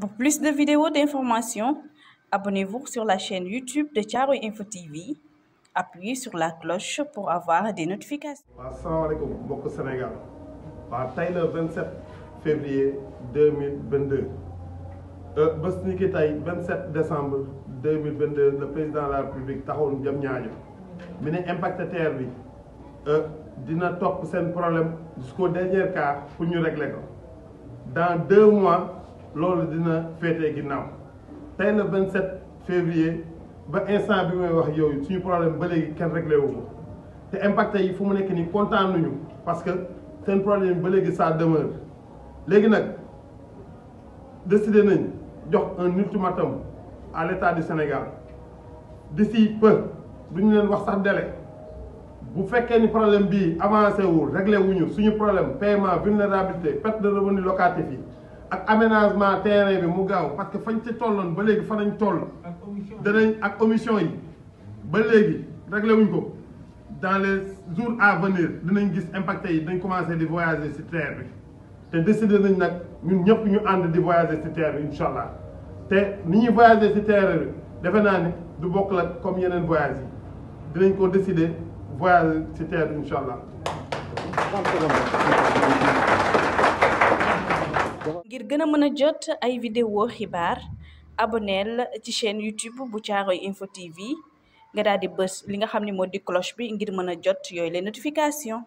Pour plus de vidéos d'informations, abonnez-vous sur la chaîne YouTube de Charo Info TV. Appuyez sur la cloche pour avoir des notifications. suis beaucoup Sénégal par le 27 février 2022 euh, bés ni 27 décembre 2022 le président de la République Tahoun jëm a mi impact terre bi euh, dina topp un problème jusqu'au dernier cas. pour nous régler dans deux mois. Lors dina féetee ginnaaw tey Le 27 février ba instant bi may wax suñu problème ba est réglé wu ko que nous yi fu mu nekk parce que un problème ba léegi ça demeure nous nag décidé nañ jox un ultimatum à l'état du Sénégal d'ici peu duñu leen wax sax délai bu fekkee ni problème réglez avancé wul réglé wuñu suñu problème paiement vulnérabilité perte de revenus locatifs, ak aménagement terrain bi mu gaaw parce que fañ ci tolloon ba légui fa nañ toll danañ ak omission yi ba légui réglé wuñ ko dans les jours à venir dinañ gis impacté yi dañ commencé di voyager ci terre bi té décidé nañ nak ñun ñëpp ñu and di voyager ci terre bi incha ni ñi voyager ci terre bi defe naa ne du bokk la comme yenen voyage yi dinañ ko décider voyager ci terre inshallah ngir gëna mëna mën jot ay vidéo xibaar abonnel ci chaîne YouTube bu Caaroy info TV nga daal di bës li nga xam ne moo di cloche bi ngir mën a jot yooyu les notification